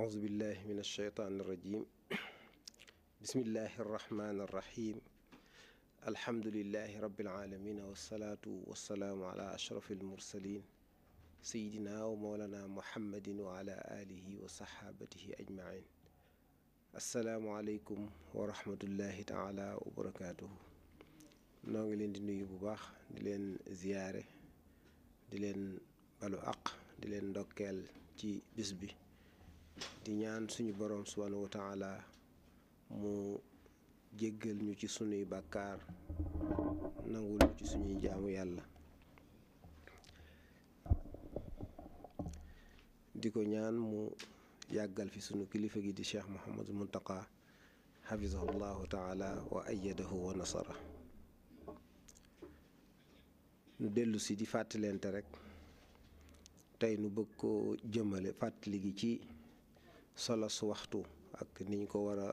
أعوذ بالله من الشيطان الرجيم بسم الله الرحمن الرحيم الحمد لله رب العالمين والصلاة والسلام على أشرف المرسلين سيدنا ومولانا محمد وعلى آله وصحابته أجمعين السلام عليكم ورحمة الله تعالى وبركاته نوغي لين دي نيو باخ دي لين زياره di leen balu àq di leen ndokkeel ci bis bi di ñaan suñu boroom subhaanahu wa taala mu jéggal ñu ci suñuy bàkkaar nangu ñu ci suñuy jaamu yàlla di ko ñaan mu yàggal fi sunu kilifa gi di cheikh Mouhamadou Mountakha xafizahu llahu taala wa ayadahu wa nasara nu dellu si di fàttalente rekk tey nu bëgg ko jëmale fàttali gi ci solos waxtu ak niñ ko war a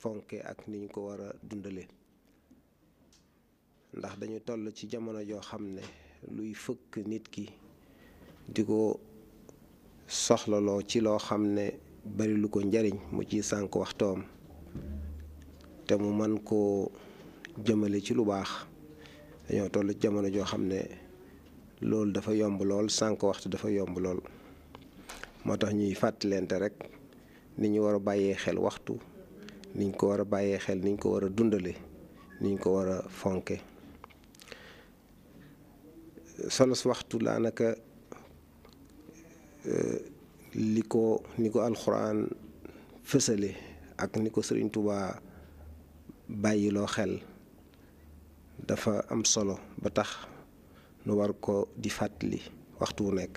fonke ak ni niñ ko war a dundale ndax dañu toll ci jamono joo xam ne luy fëkk nit ki di ko soxlaloo ci loo xam ne bari lu ko njariñ mu ci sànq waxtoom te mu man koo jëmale ci lu baax dañoo toll ci jamono joo xam ne loolu dafa yomb lool sànq waxtu dafa yomb lool moo tax ñuy fàttalente rek ni ñu war a bàyyee xel waxtu niñ ko war a bàyyee xel niñ ko war a dundale niñ ko war a fonke solo solos waxtu daanaka euh, li ko ni ko alxuraan fësale ak ni ko sëriñ tubaa bàyyiloo xel dafa am solo ba tax nu war ko di fàttali waxtu wu nekk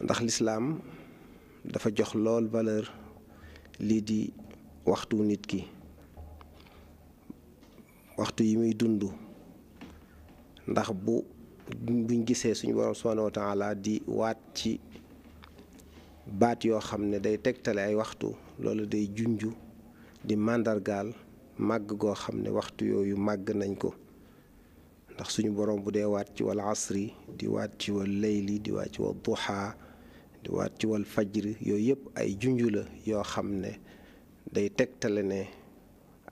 ndax lislaam dafa jox lool valeur lii di waxtu nit ki waxtu yi muy dund ndax bu buñ gisee suñu borom subhanahu wa taala di waat ci baat yoo xam ne day tegtale ay waxtu loolu day junju di màndargaal màgg goo xam ne waxtu yooyu màgg nañ ko ndax suñu boroom bu dee waat ci wal asri di waat ci wal layli di waat ci wal duxaa waa waat ci wal fajri yooyu yëpp ay junju la yoo xam ne day tegtale ne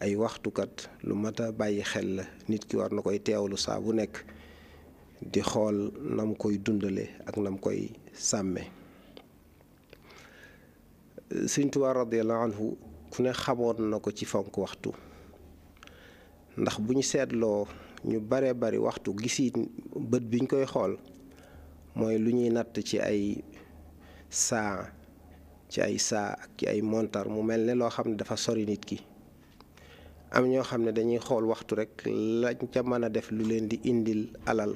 ay waxtukat lu mat bàyyi xel la nit ki war na koy teewlu saa bu nekk di xool nam koy dundale ak nam koy sàmme Sëñ Tuubaa radiyallaahu anhu ku ne xamoon na ko ci fonk waxtu ndax bu ñu seetloo ñu bare bari waxtu gisi bët biñ koy xool mooy lu ñuy natt ci ay saa ci ay saa ak ci ay montar mu mel ne loo xam ne dafa sori nit ki am ñoo xam ne dañuy xool waxtu rek lañ ca mana def lu leen di indil alal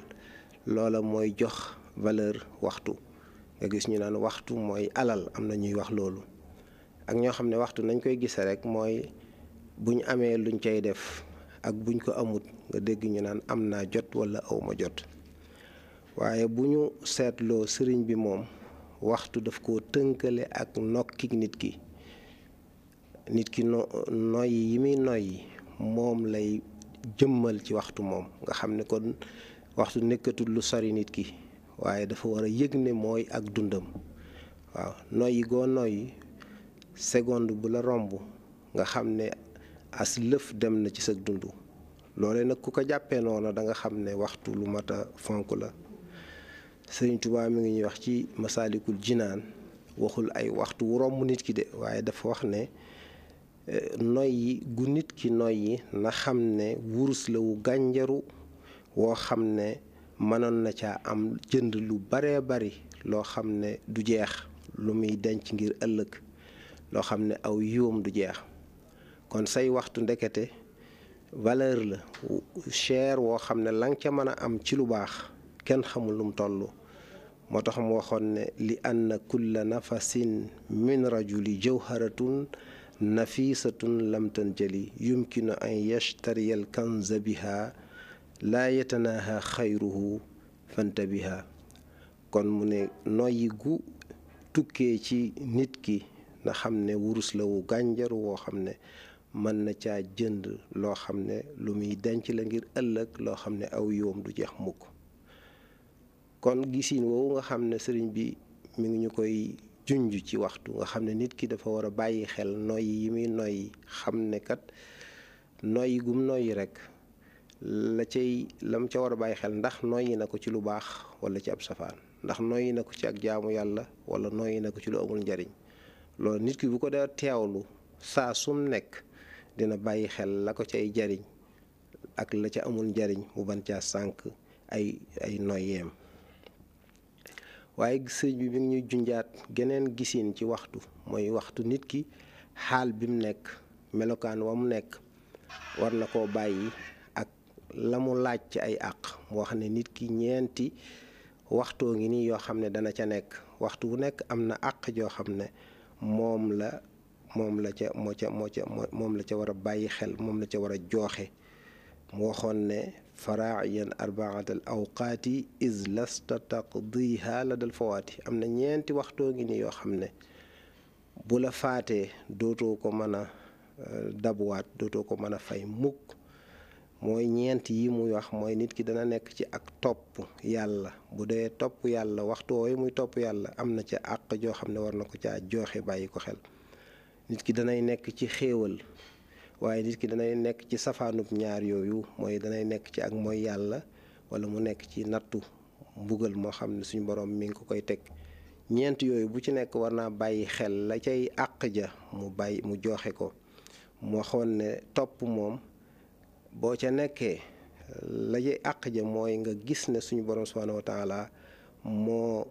loola mooy jox valeur waxtu nga gis ñu naan waxtu mooy alal am na ñuy wax loolu ak ñoo xam ne waxtu nañ koy gisee rek mooy bu ñu amee luñ cay def ak buñ ko amut nga dégg ñu naan am naa jot wala awma jot waaye bu ñu seetloo sëriñ bi moom waxtu daf ko tënkale ak nokkik nit ki nit ki no noyyi yi muy noyyi moom lay jëmmal ci waxtu moom nga xam ne kon waxtu nekkatul lu sori nit ki waaye dafa war a yëg ne mooy ak dundam waaw noyyi goo noyyi seconde bu la romb nga xam ne as lëf dem na ci sa dund loole nag ku ko jàppee noona danga xam ne waxtu lu mat a fonk la sëriñ Tuubaa mi ngi ñuy wax ci masaalikul jinaan waxul ay waxtu wu romb nit ki de waaye dafa wax ne eh, noy yi gu nit ki noy yi na xam ne wurus la wu gànjaru woo xam ne mënoon na caa am jënd lu baree bari loo xam ne du jeex lu muy denc ngir ëllëg loo xam ne aw yoom du jeex kon say waxtu ndekete valeur la cher woo xam ne la nga ca mën a am ci lu baax kenn xamul lu mu moo tax mu waxoon ne li anna kulla nafasin min rajuli jawharatun nafisatun lam tanjali yumkinu an yashtariya al kanza biha laa yatanaha xayruhu fantabiha kon mu ne noyyi gu tukkee ci nit ki na xam ne wurus la wu gànjaru woo xam ne mën na ca jënd loo xam ne lu muy denc la ngir ëllëg loo xam ne aw yoom du jeex mukk kon gisin woowu nga xam ne sëriñ bi mu ngi ñu koy junj ci waxtu nga xam ne nit ki dafa war a bàyyi xel noyyi yi muy noyyi xam ne kat noyyi gum noyyi rek la cay lam ca war a bàyyi xel ndax noyyi na ko ci lu baax wala ci ab safaan ndax noyyi na ko ci ak jaamu yàlla wala noyyi na ko ci lu amul njariñ loolu nit ki bu ko dee teewlu saa sum nekk dina bàyyi xel la ko cay jariñ ak la ca amul njariñ mu ban caa sànq ay ay noyyeem waaye sëñ bi mi ñuy junjaat geneen gisin ci waxtu mooy waxtu nit ki xaal bi mu nekk melokaan wa mu nekk war na koo bàyyi ak la mu laaj ci ay àq moo xam ne nit ki ñeenti waxtoo ngi nii yoo xam ne dana ca nekk waxtu wu nekk am na àq joo xam ne moom la moom la ca moo ca moo ca moom la ca war a bàyyi xel moom la ca war a jooxe mu waxoon ne faraiyan arbaata al awqaati is lasta taqdiha la dal yi am na ñeenti waxtoo ngi ni yoo xam ne bu la faatee dootoo ko mën a euh, dabuwaat dootoo ko mën a fay mukk mooy ñeent yi muy wax mooy nit ki dana nekk ci ak topp yàlla bu dee topp yàlla waxtu wooyu muy topp yàlla am na ca àq joo xam ne war na ko caa joxe bàyyi ko xel nit ki danay nekk ci xéewal waaye nit ki danay nekk ci safaanub ñaar yooyu mooy danay nekk ci ak mooy yàlla wala mu nekk ci nattu mbugal moo xam ne suñu borom mi ngi ko koy teg ñeent yooyu bu ci nekk war naa bàyyi xel la cay àq ja mu bàyyi mu joxe ko mu waxoon ne topp moom boo ca nekkee la cay mooy nga gis ne suñu borom subhanahu wa taala moo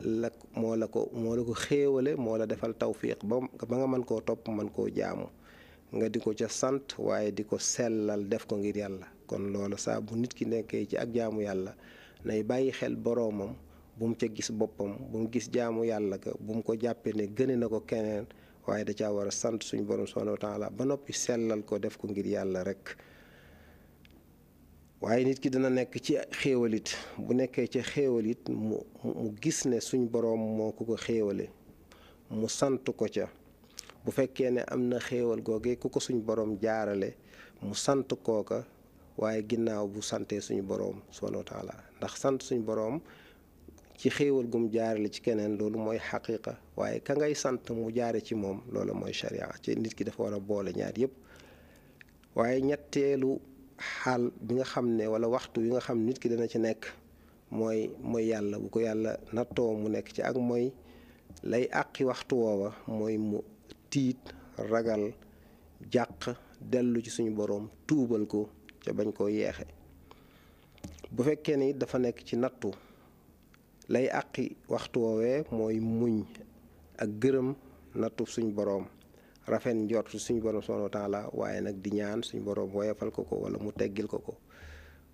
la moo ko moo la ko xéewale moo la defal tawfiq ba ba nga mën koo topp mën koo jaamu nga di ko ca sant waaye di ko sellal def ko ngir yàlla kon loolu saa bu nit ki nekkee ci ak jaamu yàlla nay bàyyi xel boroomam bu mu ca gis boppam bu mu gis jaamu yàlla ka bu mu ko jàppee ne gëne na ko keneen waaye da caa war a sant suñu borom subhanahu wa taala ba noppi sellal ko def ko ngir yàlla rek waaye nit ki dana nekk ci xéewalit bu nekkee ci xéewalit mu mu gis ne suñ boroom moo ko ko xéewale mu sant ko ca bu fekkee ne am na xeewal googe ku ko suñu boroom jaarale mu sant kooka waaye ginnaaw bu santee suñu boroom subhaana wa ndax sant suñu boroom ci xéewal gum jaarale ci keneen loolu mooy xaqiqa waaye ka ngay sant mu jaare ci moom loolu mooy sharia ci nit ki dafa war a boole ñaar yépp waaye ñetteelu xaal bi nga xam ne walla waxtu wi nga xam nit ki dana ci nekk mooy mooy yàlla bu ko yàlla nattoo mu nekk ci ak mooy lay àqi waxtu woowa mooy mu tiit ragal jàq dellu ci suñu boroom tuubal ko ca bañ koo yeexe bu fekkee ni dafa nekk ci nattu lay àqi waxtu woowee mooy muñ ak gërëm nattu suñu boroom rafet njort suñu boroom subhanahu wa taala waaye nag di ñaan suñu boroom woyafal ko ko wala mu teggil ko ko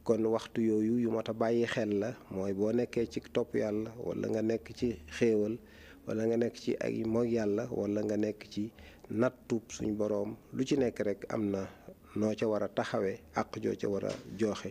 kon waxtu yooyu yu mat a bàyyi xel la mooy boo nekkee ci topp yàlla wala nga nekk ci xéewal wala nga nekk ci ay mooy yàlla wala nga nekk ci nattub suñu borom lu ci nekk rek am na noo ca war a taxawee àq joo ca war a jooxe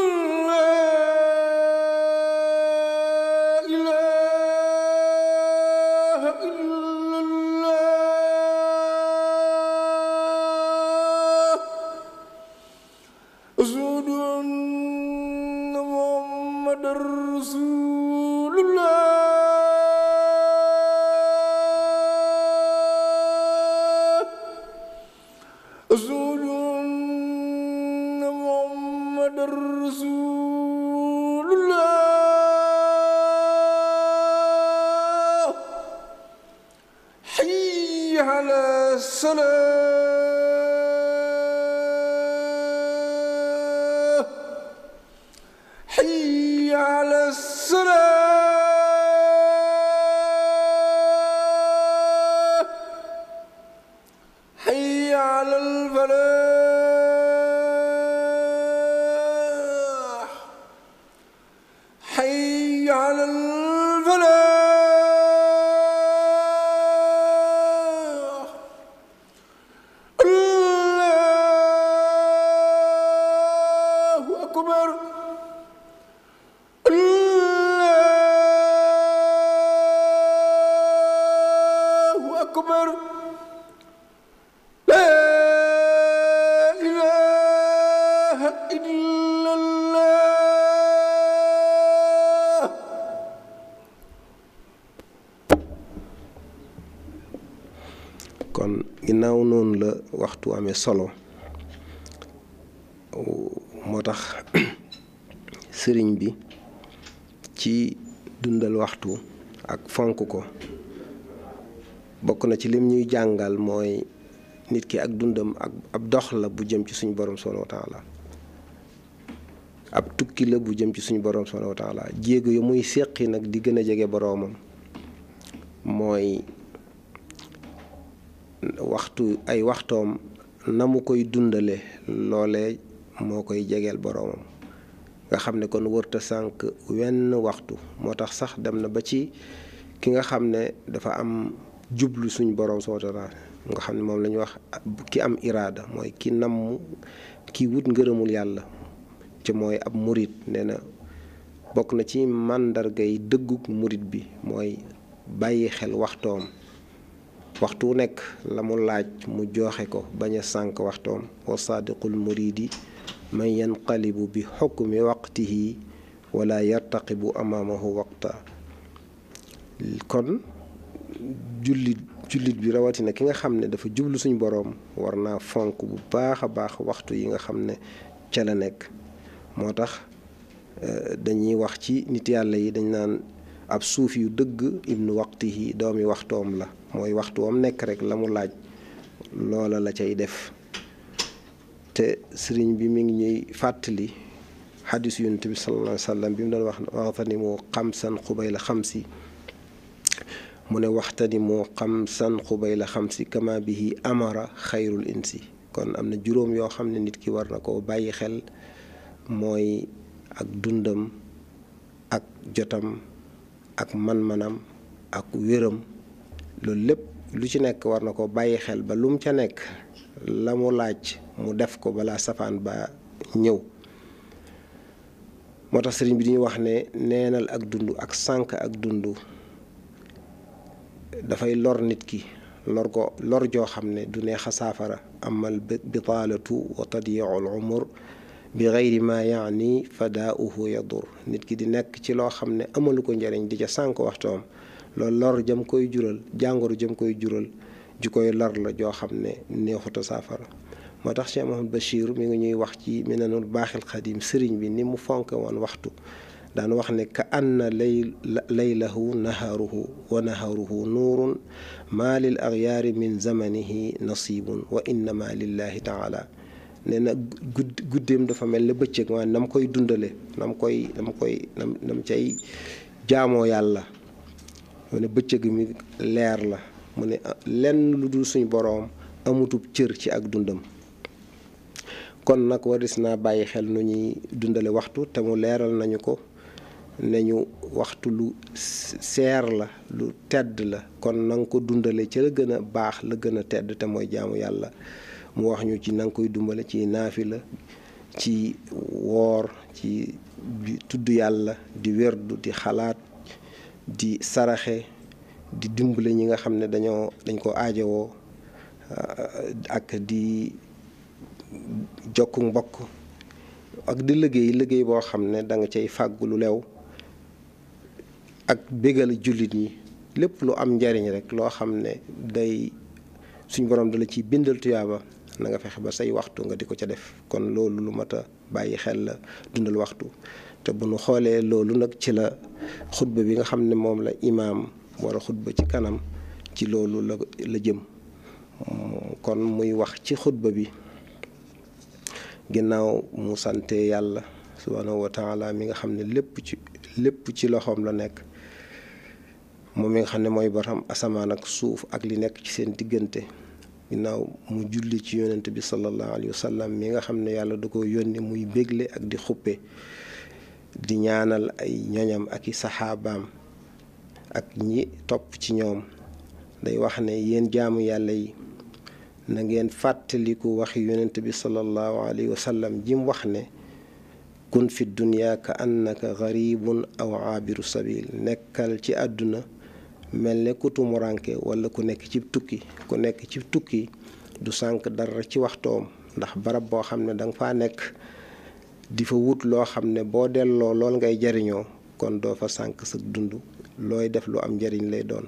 أكبر الله أكبر ginnaaw noonu la waxtu amee solo sëriñ bi ci dundal waxtu ak fonk ko bokk na ci lim ñuy jàngal mooy nit ki ak dundam ak ab dox la bu jëm ci suñu borom subhanahu wa ab tukki bu jëm ci suñu borom subhanahu wa jéego yu muy séqi nag di gën a jege boroomam mooy waxtu ay waxtoom na mu koy dundale loole moo koy jegeel boroomam nga xam ne kon wërta sànq wenn waxtu moo tax sax dem na ba ci ki nga xam ne dafa am jublu suñ borom soo taala nga xam ne moom la wax ki am iraada mooy ki namm ki wut ngërëmul yàlla ci mooy ab murit nee na bokk na ci màndargay dëggug murit bi mooy bàyyi xel waxtoom waxtu wu nekk la mu laaj mu joxe ko bañ a sànq waxtoom wa saadiqul muridi may man yanqalibu bi xukmi waqtihi wala bu amaamahu waqta kon jullit jullit bi rawatina ki nga xam ne dafa jublu suñ boroom war naa fonk bu baax a baax waxtu yi nga xam ne ca la nekk moo tax euh, dañuy wax ci nit yàlla yi dañ naan ab suuf yu dëgg ibnu waqtihi doomi waxtoom la mooy waxtu wam nekk rek la mu laaj loola la cay def te sëriñ bi mu ngi ñuy fàttali xadis yonent bi sallallahu alayhi sallam bi mu doon wax waxtani moo xamsan xubay la xam si mu ne waxtani moo xamsan xubay la xam si kama bihi amara xayrul insi kon am na juróom yoo xam ne nit ki war na koo bàyyi xel mooy ak dundam ak jotam ak man-manam ak wéram loolu lépp lu ci nekk war na koo bàyyi xel ba lum ca nekk la mu laaj mu def ko balaa safaan ba ñëw moo tax sëriñ bi di wax ne neenal ak dund ak sànq ak dund dafay lor nit ki lor ko lor joo xam ne du neex a saafara amal bitaalatu wa tadyiul umur bi xayri ma yaani fadaauhu yadur nit ki di nekk ci loo xam ne amalu ko njariñ di ca sànq waxtoom loolu lor jëm koy jural jàngoro jëm koy jural ju koy lor la joo xam ne neexuta saafara moo tax Cheikh Mouhamed Bachir mi ngi ñuy wax ci minanul baaxil xadim sëriñ bi ni mu fonke woon waxtu daan wax ne ka anna lay laylahu nahaaruhu wa nahaaruhu nuurun maa lil axyaari min zamanihi nasibun wa innama lillahi taala nee na gudd guddeem dafa mel ne bëccëg waaye nam koy dundale nam koy nam koy nam nam cay jaamoo yàlla mu ne bëccëg mi leer la mu ne lenn lu dul suñu boroom amutub cër ci ak dundam kon nag waris naa bàyyi xel nu ñuy dundale waxtu te mu leeral nañu ko ne ñu waxtu lu seer la lu tedd la kon nang ko dundale ci la gën a baax la gën a tedd te mooy jaamu yàlla mu wax ñu ci na nga koy dumbale ci naafi la ci woor ci tudd yàlla di werdu di xalaat di saraxe di dumbale ñi nga xam ne dañoo dañ ko aajowoo ah, ak di jokku mbokk ak di liggéey liggéey boo xam ne danga nga cay fàggu lu lew ak bégal jullit yi lépp lu am njariñ rek loo xam ne day suñ borom dala ci bindal tuyaaba nanga fexe ba say waxtu nga di ko ca def kon loolu lu mat a bàyyi xel la dundal waxtu te bu nu xoolee loolu nag ci la xutba bi nga xam ne moom la imaam war a xutba ci kanam ci loolu la la jëm kon muy wax ci xutba bi ginnaaw mu sante yàlla subhanahu mi nga xam ne lépp ci lépp ci loxoom la nekk moom mi nga xam ne mooy borom asamaan ak suuf ak li nekk ci seen diggante ginnaaw mu julli ci yonent bi sallallahu alayhi wa mi nga xam ne yàlla du ko yónni muy bégle ak di xuppe di ñaanal ay ñoñam ak i saxaabaam ak ñi topp ci ñoom day wax ne yéen jaamu yàlla yi nangeen fàttaliku waxi yonent bi sallallahu alayhi sallam jim wax ne kun fi dunya ka annaka garibun aw aabiru sabil nekkal ci àdduna mel ne ku tumuranke walla ku nekk ci tukki ku nekk ci tukki du sànk dara ci waxtoom ndax barab boo xam ne danga faa nekk di fa wut loo xam ne boo delloo lool ngay jariñoo kon doo fa sànk sa dund looy def lu am njariñ lay doon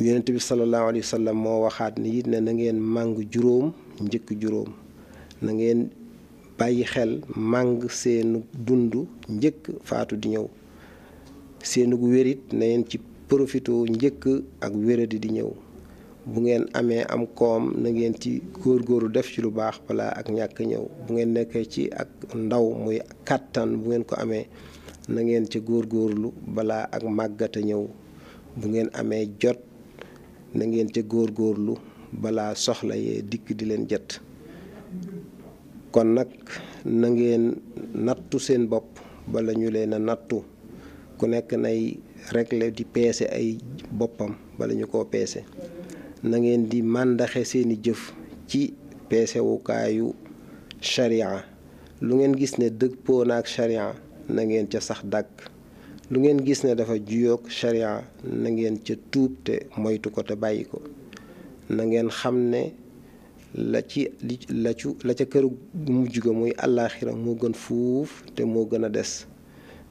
yonent bi sallallahu alayhi wa sallam moo waxaat ni yit ne na ngeen màng juróom njëkk juróom na ngeen bàyyi xel màng seenu dund njëkk faatu di ñëw seenug wérit na ngeen ci profito njëkk ak wéradi di ñëw bu ngeen amee am koom na ngeen ci góorgóoru def ci lu baax balaa ak ñàkk ñëw bu ngeen nekkee ci ak ndaw muy kàttan bu ngeen ko amee na ngeen góor góorlu balaa ak a ñëw bu ngeen amee jot nangeen ca góor góorlu balaa soxla yee dikk di leen jët kon nag na nattu seen bopp bala ñu leen a nattu ku nekk nay réglé di peese ay boppam bala ñu koo peese na ngeen di màndaxe seeni jëf ci peesewukaayu sharia lu ngeen gis ne dëppoo na ak sharia na ngeen ca sax dàkk lu ngeen gis ne dafa juyoog sharia na ngeen ca tuub te moytu ko te bàyyi ko na ngeen xam ne la ci la cu la ca këru mujj ga muy àllaaxira moo gën fuuf te moo gën a des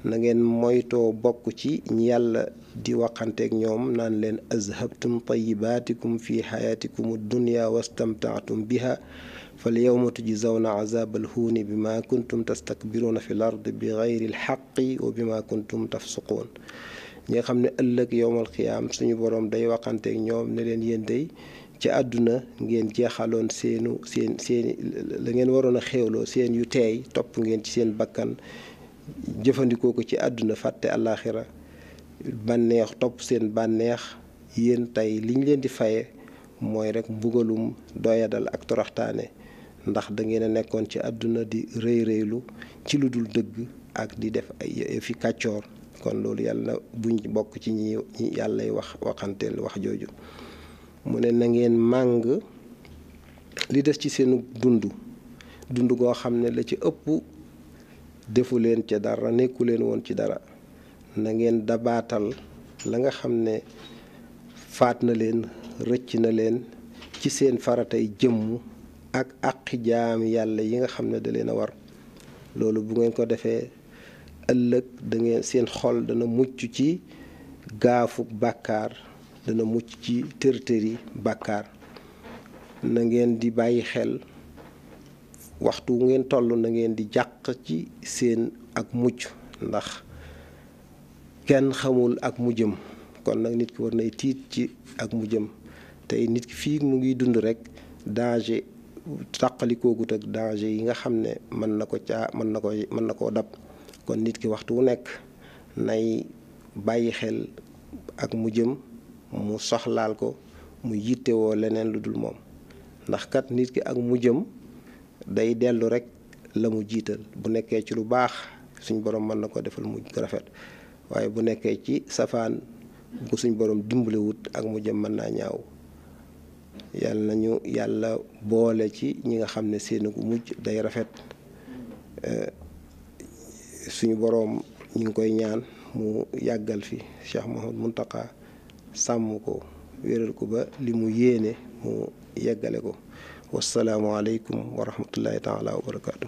na ngeen moytoo bokk ci ñi yàlla di waxanteeg ñoom naan leen azhabtum tayibaatikum fi xayaatikum dunya wastamtaatum biha fal yowma tujzawna azabal huuni bi ma kuntum tastakbiruuna fi l ard bi gayri l xaqi wa bi ma kuntum tafsuquun ñi nga xam ne ëllëg yowmal xiyaam suñu boroom day waxanteek ñoom ne leen yéen day ci àdduna ngeen jeexaloon seenu seen seeni la ngeen waroon a xéewloo seen yu teey topp ngeen ci seen bakkan jëfandikoo ko ci àdduna fàtte àllaaxira bànneex topp seen bànneex yéen tey liñ leen di faye mooy rekk mbugalum doyadal ak toroxtaane ndax dangeen a nekkoon ci àdduna di rëy rëylu ci lu dul dëgg ak di def ay yëfi kàccoor kon loolu yàlla buñ bokk ci ñi ñi yàllay wax waxanteel wax jooju mu ne na ngeen màng li des ci seen dund dund goo xam ne la ci ëpp defu leen ca dara nekku leen woon ci dara na ngeen dabaatal la nga xam ne faat na leen rëcc na leen ci seen faratay jëmm ak àqi jaam yàlla yi nga xam ne da leen a war loolu bu ngeen ko defee ëllëg dangeen seen xol dana mucc ci gaafug bàkkaar dana mucc ci tërtëri bàkkaar na ngeen di bàyyi xel waxtu ngeen toll na ngeen di jàq ci seen ak mucc ndax kenn xamul ak mu jëm kon nag nit ki war nay tiit ci ak mujjëm tey nit ki fii mu ngi dund rek tàqalikoogut ak danger yi nga xam ne mën na ko caa mën na ko mën na koo dab kon nit ki waxtu wu nekk nay bàyyi xel ak mu jëm mu soxlaal ko mu yittewoo leneen lu dul moom ndax kat nit ki ak mu jëm day dellu rek la mu jiital bu nekkee ci lu baax suñ borom mën na ko defal mu rafet waaye bu nekkee ci safaan bu suñ borom dimbaliwut ak mu jëm mën naa ñaaw yàlla nañu yàlla boole ci ñi nga xam ne seeni ku mujj day rafet eh, suñu boroom ñu ngi koy ñaan mu yàggal fi Cheikh Mahmoud Muntaka sàmm ko wéral ko ba li mu yéene mu yeggale ko wasalaamualeykum wa rahmatullahi taala wa barakaatu.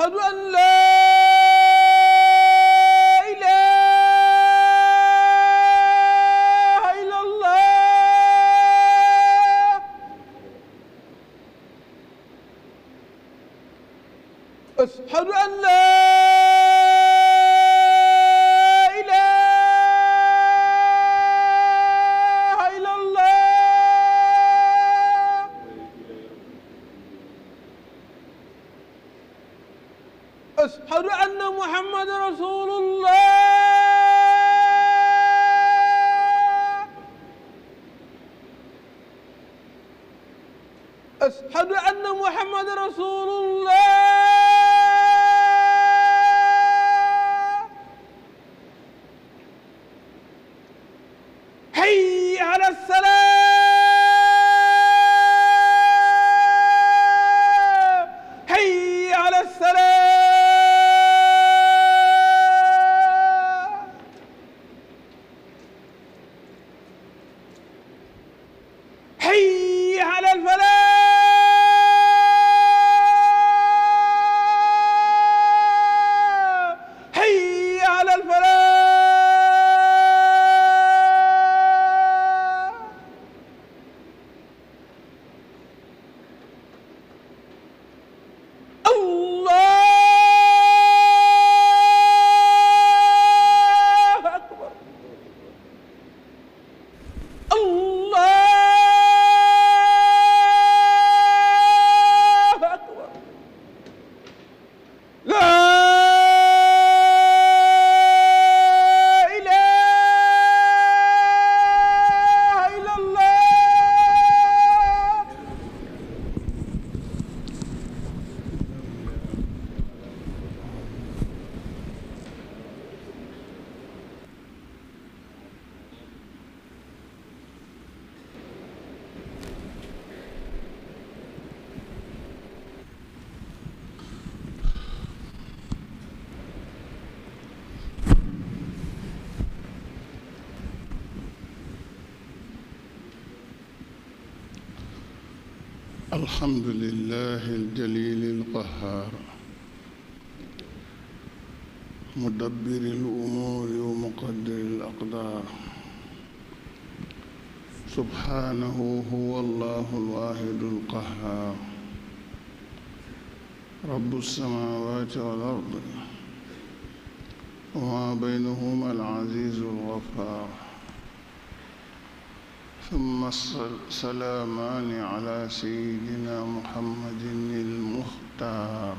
أشهد أن لا الحمد لله الجليل القهار مدبر الأمور ومقدر الأقدار سبحانه هو الله الواحد القهار رب السماوات والأرض وما بينهما العزيز الغفار ثم السلامان على سيدنا محمد المختار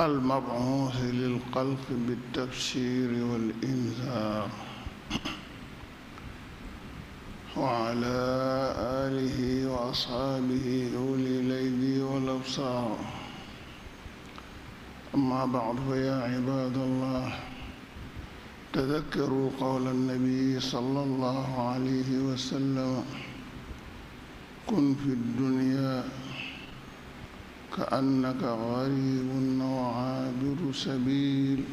المبعوث للخلق بالتبشير والإنذار وعلى آله وأصحابه أولي الأيدي والأبصار أما بعد فيا عباد الله تذكروا قول النبي صلى الله عليه وسلم كن في الدنيا كأنك غريب وعابر سبيل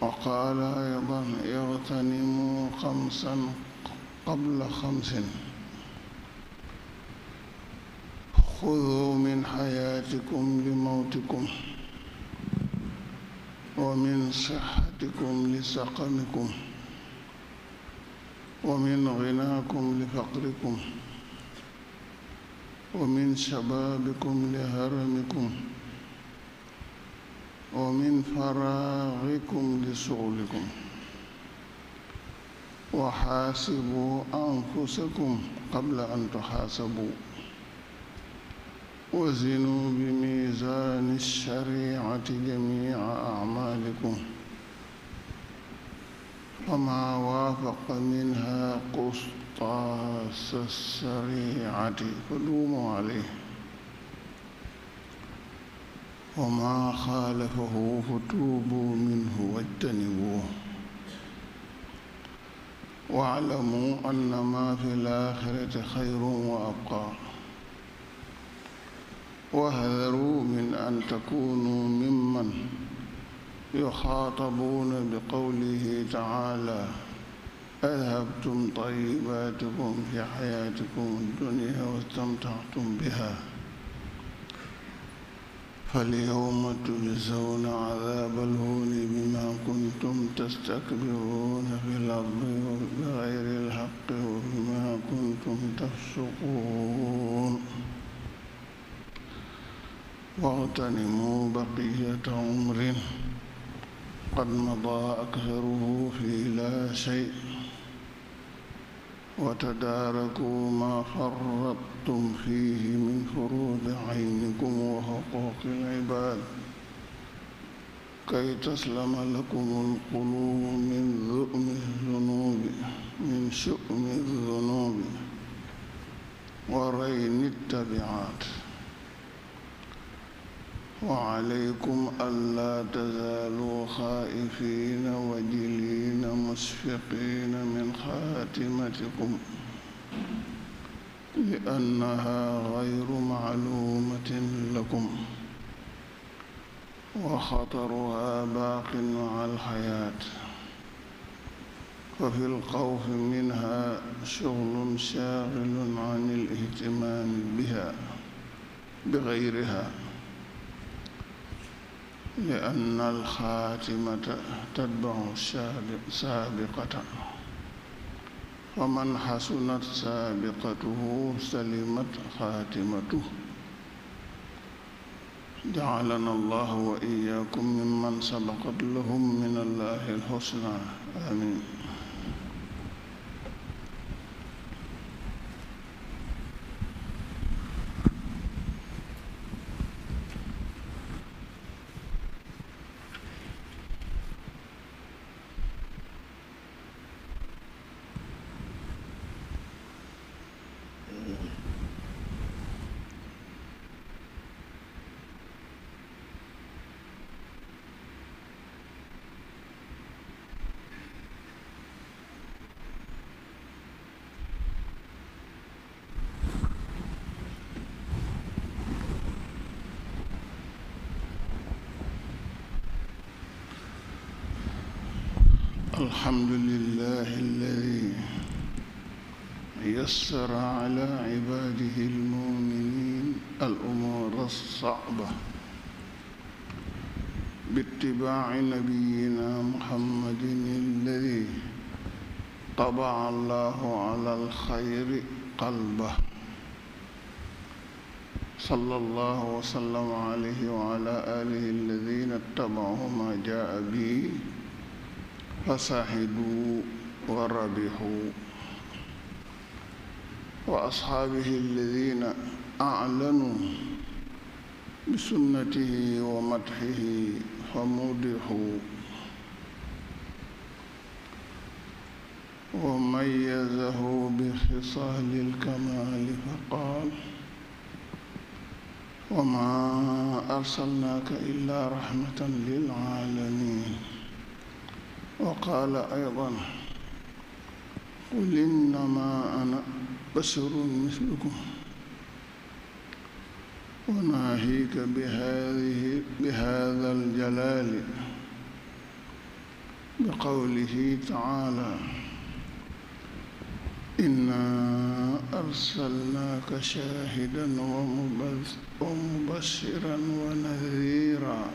وقال أيضا اغتنموا خمسا قبل خمس خذوا من حياتكم لموتكم ومن صحتكم لسقمكم ومن غناكم لفقركم ومن شبابكم لهرمكم ومن فراغكم لشغلكم وحاسبوا أنفسكم قبل أن تحاسبوا وزنوا بميزان الشريعة جميع أعمالكم وما وافق منها قسطاس السريعة فدوموا عليه وما خالفه فتوبوا منه واجتنبوه واعلموا أن ما في الآخرة خير وأبقى واحذروا من أن تكونوا ممن يخاطبون بقوله تعالى أذهبتم طيباتكم في حياتكم الدنيا واستمتعتم بها فاليوم تجزون عذاب الهون بما كنتم تستكبرون في الأرض بغير الحق وبما كنتم تفسقون واغتنموا بقية عمر قد مضى أكثره في لا شيء وتداركوا ما فرطتم فيه من فروض عينكم وحقوق العباد كي تسلم لكم القلوب من ذؤم الذنوب من شؤم الذنوب ورين التبعات وعليكم ألا تزالوا خائفين وجلين مشفقين من خاتمتكم لأنها غير معلومة لكم وخطرها باق مع الحياة وفي الخوف منها شغل شاغل عن الاهتمام بها بغيرها li ann alxaatimata tatbaxu saabiqata fa man xasunat saabiqatuhu salimat xaatimatu jacalana allahu wa iyaakum mimman sabaqat lahum min allahi alxusna amin الحمد لله الذي يسر على عباده المؤمنين الأمور الصعبة باتباع نبينا محمد الذي طبع الله على الخير قلبه صلى الله وسلم عليه وعلى آله الذين اتبعوا ما جاء به فصاحبوا وربحوا وأصحابه الذين أعلنوا بسنته ومدحه فمدحوا وميزه بخصال الكمال فقال وما أرسلناك إلا رحمة للعالمين وقال أيضا قل إنما أنا بشر مثلكم وناهيك بهذه بهذا الجلال بقوله تعالى إنا أرسلناك شاهدا ومبشرا ونذيرا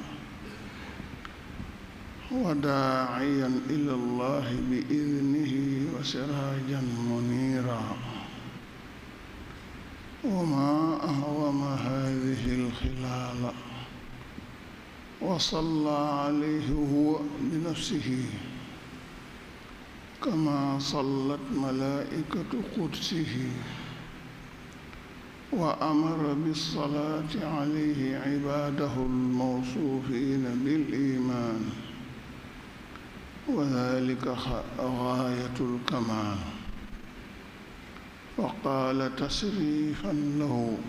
وداعيا إلى الله بإذنه وسراجا منيرا وما أهوم هذه الخلال وصلى عليه هو بنفسه كما صلت ملائكة قدسه وأمر بالصلاة عليه عباده الموصوفين بالإيمان wa dalika gaayatul kamaal wa qaala tasrifan lahu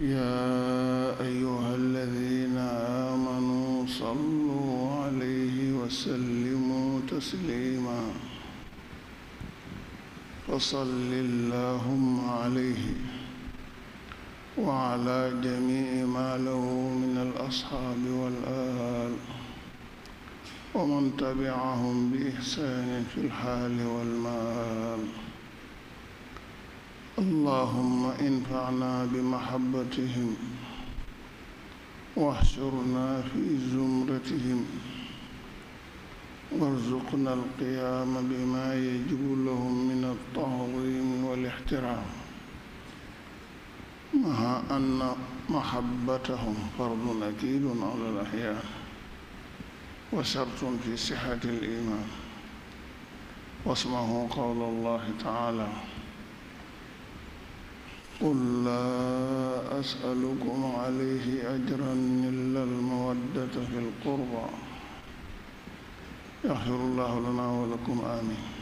yaa ayyuha alladina aamanu sallu alayhi wa sallimu taslima fa salli llahumma alayhi wa ala jamii ma lahu min al ashaabi wal aal ومن تبعهم بإحسان في الحال والمال اللهم انفعنا بمحبتهم واحشرنا في زمرتهم وارزقنا القيام بما يجب لهم من التعظيم والاحترام مع أن محبتهم فرض أكيد على الأحيان وشرط في صحة الإيمان واسمه قول الله تعالى قل لا أسألكم عليه أجرا إلا المودة في القربى يغفر الله لنا ولكم آمين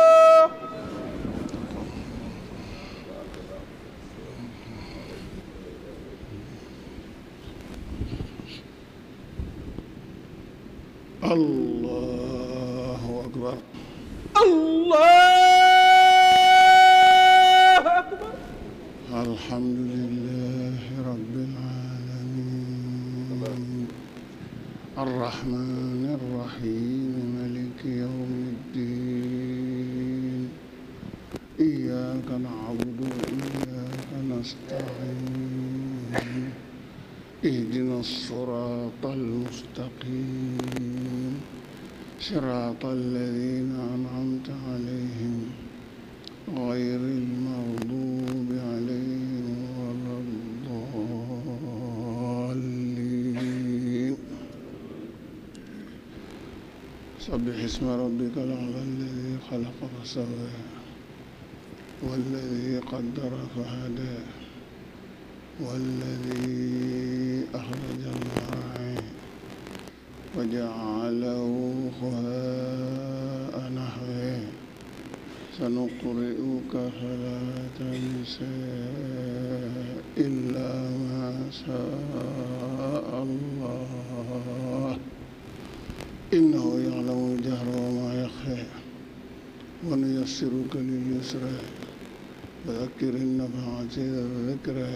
allahu akbar allahu akbar alhamdulillahi rabbil alamin arrahman arrahim maliki yawmi ddin iyyaka na'budu wa iyyaka nasta'in اهدنا الصراط المستقيم صراط الذين أنعمت عليهم غير المغضوب عليهم ولا الضالين سبح اسم ربك الأعلى الذي خلق فسوى والذي قدر فهدى والذي أخرج المرعى وجعله القرآن نحوه سنقرئك فلا تنسى إلا ما شاء الله إنه يعلم الجهر وما يخفى ونيسرك لليسرى فذكر النفعة الذكرى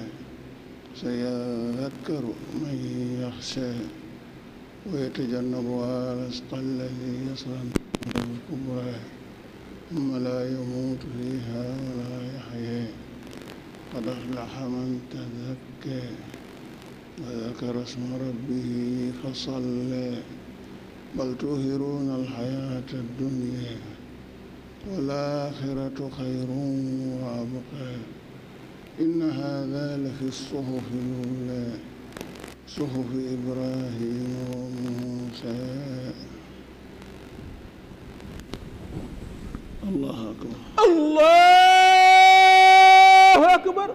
سيذكر من يخشى ويتجنبها الأشقى الذي يصلى النار الكبرى ثم لا يموت فيها ولا يحيا قد أفلح من تزكى وذكر اسم ربه فصلى بل تؤثرون الحياة الدنيا والآخرة خير وأبقى إن هذا لفي الصحف الأولى صحف إبراهيم وموسى الله أكبر الله أكبر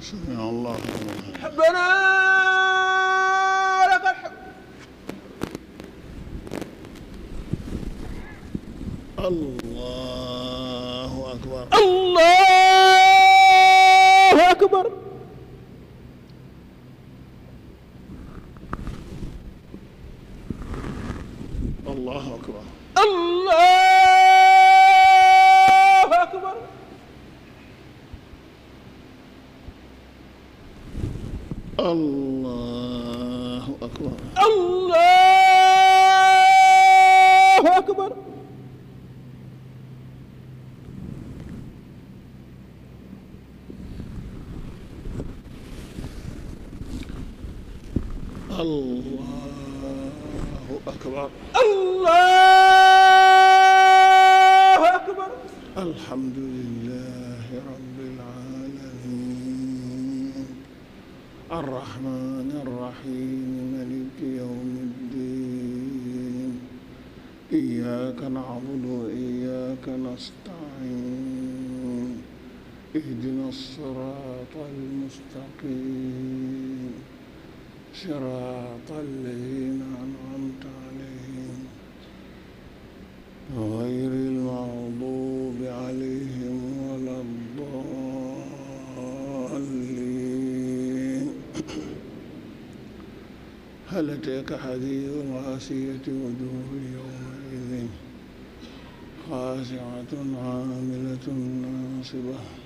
سمع الله حبنا لك الحمد الله akbar allahu akbar allahu akbar alhamdulillahi rabbil alamin arrahmani arrahim maliki yawmi ddin iyyaka na'budu wa iyyaka nasta'in ihdina as-sirata al-mustaqim صراط الذين أنعمت عليهم غير المغضوب عليهم ولا الضالين هل أتاك حديث الغاسية وجوه يومئذ خاشعة عاملة ناصبة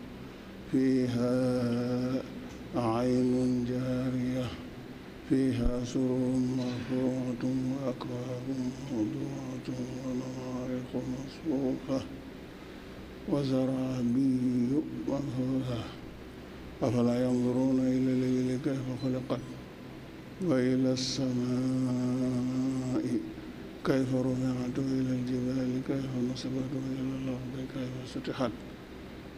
فيها عين جارية فيها سرر مرفوعة وأكواب موضوعة ونمارق مصفوفة وزرابي مبثوثة أفلا ينظرون إلى الليل كيف خلقت وإلى السماء كيف رفعت وإلى الجبال كيف نصبت وإلى الأرض كيف سطحت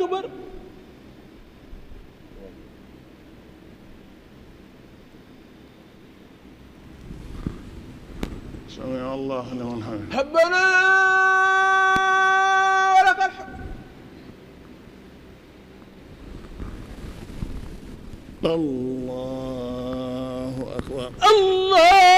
akbar سمع الله لمن حمده ربنا ولك الحمد الله أكبر الله